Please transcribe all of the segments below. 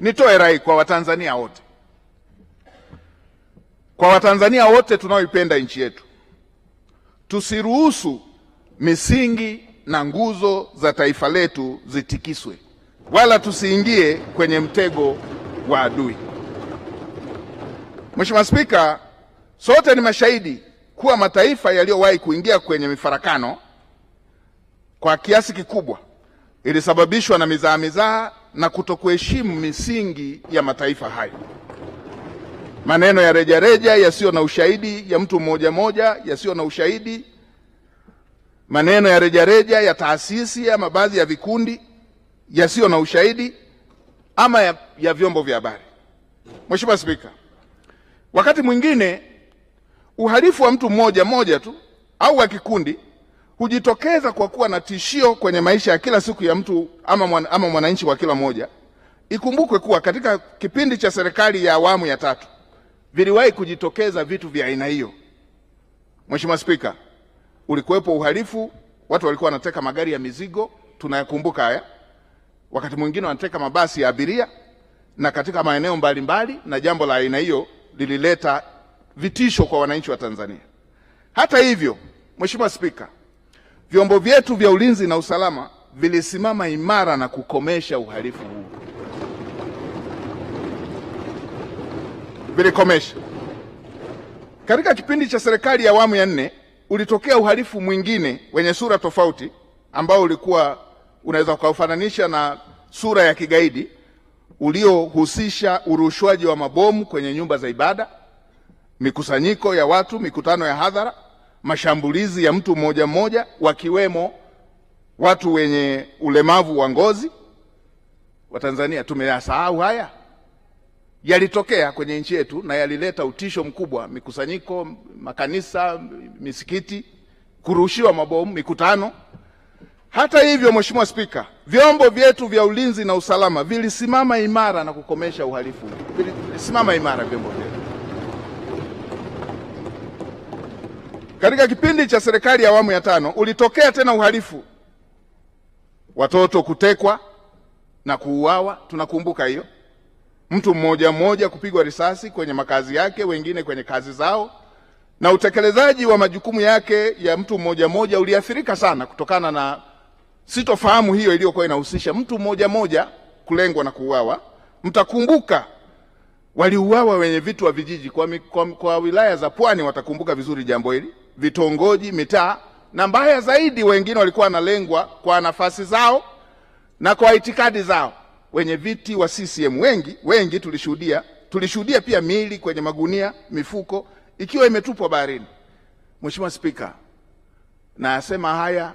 Nitoe rai kwa Watanzania wote, kwa Watanzania wote tunaoipenda nchi yetu, tusiruhusu misingi na nguzo za taifa letu zitikiswe, wala tusiingie kwenye mtego wa adui. Mheshimiwa Spika, sote ni mashahidi kuwa mataifa yaliyowahi kuingia kwenye mifarakano kwa kiasi kikubwa ilisababishwa na mizaa mizaa na kutokuheshimu misingi ya mataifa hayo. Maneno ya rejareja yasiyo na ushahidi ya mtu mmoja mmoja, yasiyo na ushahidi, maneno ya rejareja ya taasisi ama baadhi ya vikundi yasiyo na ushahidi ama ya, ya vyombo vya habari. Mheshimiwa Spika, wakati mwingine uhalifu wa mtu mmoja mmoja tu au wa kikundi hujitokeza kwa kuwa na tishio kwenye maisha ya kila siku ya mtu ama, mwananchi wa kila moja. Ikumbukwe kuwa katika kipindi cha serikali ya awamu ya tatu viliwahi kujitokeza vitu vya aina hiyo. Mheshimiwa Spika, ulikuwepo uhalifu, watu walikuwa wanateka magari ya mizigo, tunayakumbuka haya. Wakati mwingine wanateka mabasi ya abiria na katika maeneo mbalimbali mbali, na jambo la aina hiyo lilileta vitisho kwa wananchi wa Tanzania. Hata hivyo, Mheshimiwa Spika, Vyombo vyetu vya ulinzi na usalama vilisimama imara na kukomesha uhalifu huu, vilikomesha. Katika kipindi cha serikali ya awamu ya nne ulitokea uhalifu mwingine wenye sura tofauti ambao ulikuwa unaweza ukaufananisha na sura ya kigaidi uliohusisha urushwaji wa mabomu kwenye nyumba za ibada, mikusanyiko ya watu, mikutano ya hadhara mashambulizi ya mtu mmoja mmoja, wakiwemo watu wenye ulemavu wa ngozi. Watanzania tumeyasahau haya, yalitokea kwenye nchi yetu na yalileta utisho mkubwa, mikusanyiko, makanisa, misikiti, kurushiwa mabomu, mikutano. Hata hivyo, Mheshimiwa Spika, vyombo vyetu vya ulinzi na usalama vilisimama imara na kukomesha uhalifu, vilisimama imara vyombo vyetu Katika kipindi cha serikali ya awamu ya tano ulitokea tena uhalifu, watoto kutekwa na kuuawa, tunakumbuka hiyo, mtu mmoja mmoja kupigwa risasi kwenye makazi yake, wengine kwenye kazi zao, na utekelezaji wa majukumu yake ya mtu mmoja mmoja uliathirika sana kutokana na sitofahamu hiyo iliyokuwa inahusisha mtu mmoja mmoja kulengwa na kuuawa. Mtakumbuka waliuawa wenye vitu wa vijiji kwa, kwa, kwa wilaya za Pwani watakumbuka vizuri jambo hili vitongoji, mitaa, na mbaya zaidi, wengine walikuwa wanalengwa kwa nafasi zao na kwa itikadi zao. Wenye viti wa CCM wengi wengi tulishuhudia tulishuhudia pia miili kwenye magunia, mifuko ikiwa imetupwa baharini. Mheshimiwa Spika, nayasema haya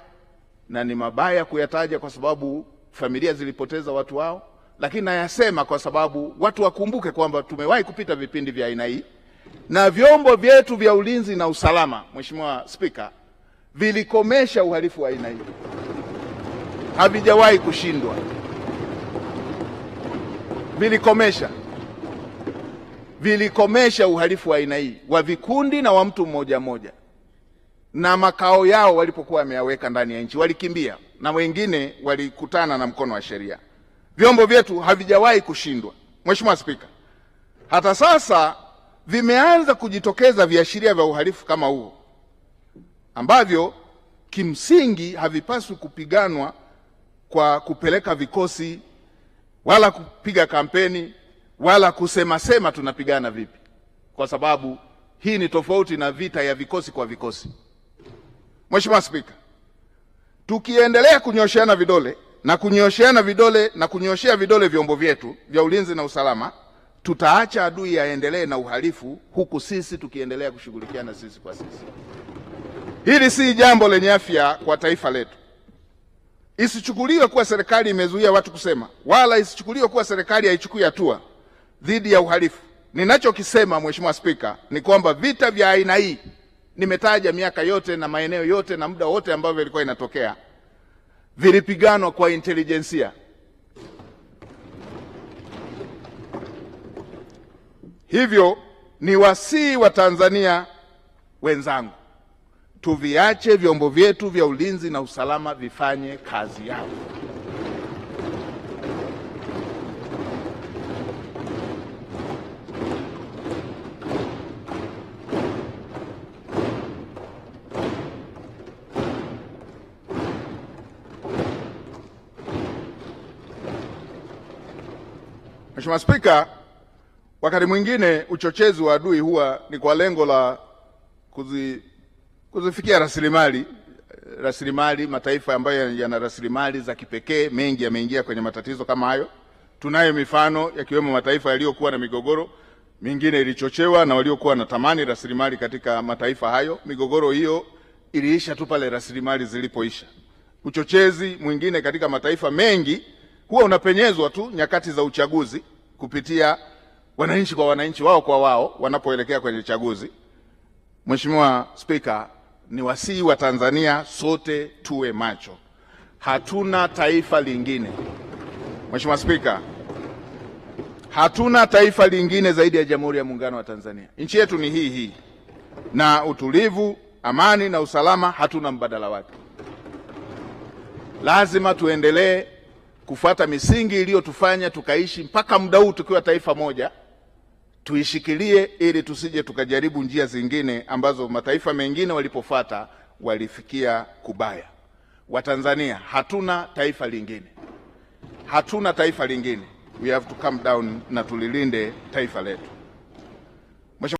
na ni mabaya kuyataja kwa sababu familia zilipoteza watu wao, lakini nayasema kwa sababu watu wakumbuke kwamba tumewahi kupita vipindi vya aina hii na vyombo vyetu vya ulinzi na usalama, Mheshimiwa Spika, vilikomesha uhalifu wa aina hii, havijawahi kushindwa, vilikomesha vilikomesha uhalifu wa aina hii wa vikundi na wa mtu mmoja mmoja, na makao yao walipokuwa wameyaweka ndani ya nchi walikimbia, na wengine walikutana na mkono wa sheria. Vyombo vyetu havijawahi kushindwa, Mheshimiwa Spika. Hata sasa vimeanza kujitokeza viashiria vya uhalifu kama huo ambavyo kimsingi havipaswi kupiganwa kwa kupeleka vikosi wala kupiga kampeni wala kusema sema tunapigana vipi, kwa sababu hii ni tofauti na vita ya vikosi kwa vikosi. Mheshimiwa Spika, tukiendelea kunyosheana vidole na kunyosheana vidole na kunyoshea vidole vyombo vyetu vya ulinzi na usalama tutaacha adui aendelee na uhalifu huku sisi tukiendelea kushughulikiana sisi kwa sisi. Hili si jambo lenye afya kwa taifa letu. Isichukuliwe kuwa serikali imezuia watu kusema, wala isichukuliwe kuwa serikali haichukui hatua dhidi ya uhalifu. Ninachokisema Mheshimiwa Spika ni kwamba vita vya aina hii nimetaja miaka yote na maeneo yote na muda wote ambavyo ilikuwa inatokea, vilipiganwa kwa intelijensia Hivyo ni wasii wa Tanzania wenzangu, tuviache vyombo vyetu vya ulinzi na usalama vifanye kazi yao. Mheshimiwa Spika, Wakati mwingine uchochezi wa adui huwa ni kwa lengo la kuzi, kuzifikia rasilimali rasilimali mataifa ambayo yana rasilimali za kipekee. Mengi yameingia kwenye matatizo kama hayo. Tunayo mifano yakiwemo mataifa yaliyokuwa na migogoro, mingine ilichochewa na waliokuwa na tamani rasilimali katika mataifa hayo. Migogoro hiyo iliisha tu pale rasilimali zilipoisha. Uchochezi mwingine katika mataifa mengi huwa unapenyezwa tu nyakati za uchaguzi kupitia wananchi kwa wananchi, wao kwa wao, wanapoelekea kwenye chaguzi. Mheshimiwa Spika, ni wasihi wa Tanzania sote tuwe macho, hatuna taifa lingine. Mheshimiwa Spika, hatuna taifa lingine zaidi ya Jamhuri ya Muungano wa Tanzania. Nchi yetu ni hii hii, na utulivu, amani na usalama hatuna mbadala wake. Lazima tuendelee kufuata misingi iliyotufanya tukaishi mpaka muda huu tukiwa taifa moja tuishikilie ili tusije tukajaribu njia zingine ambazo mataifa mengine walipofata walifikia kubaya. Watanzania, hatuna taifa lingine, hatuna taifa lingine. We have to come down na tulilinde taifa letu.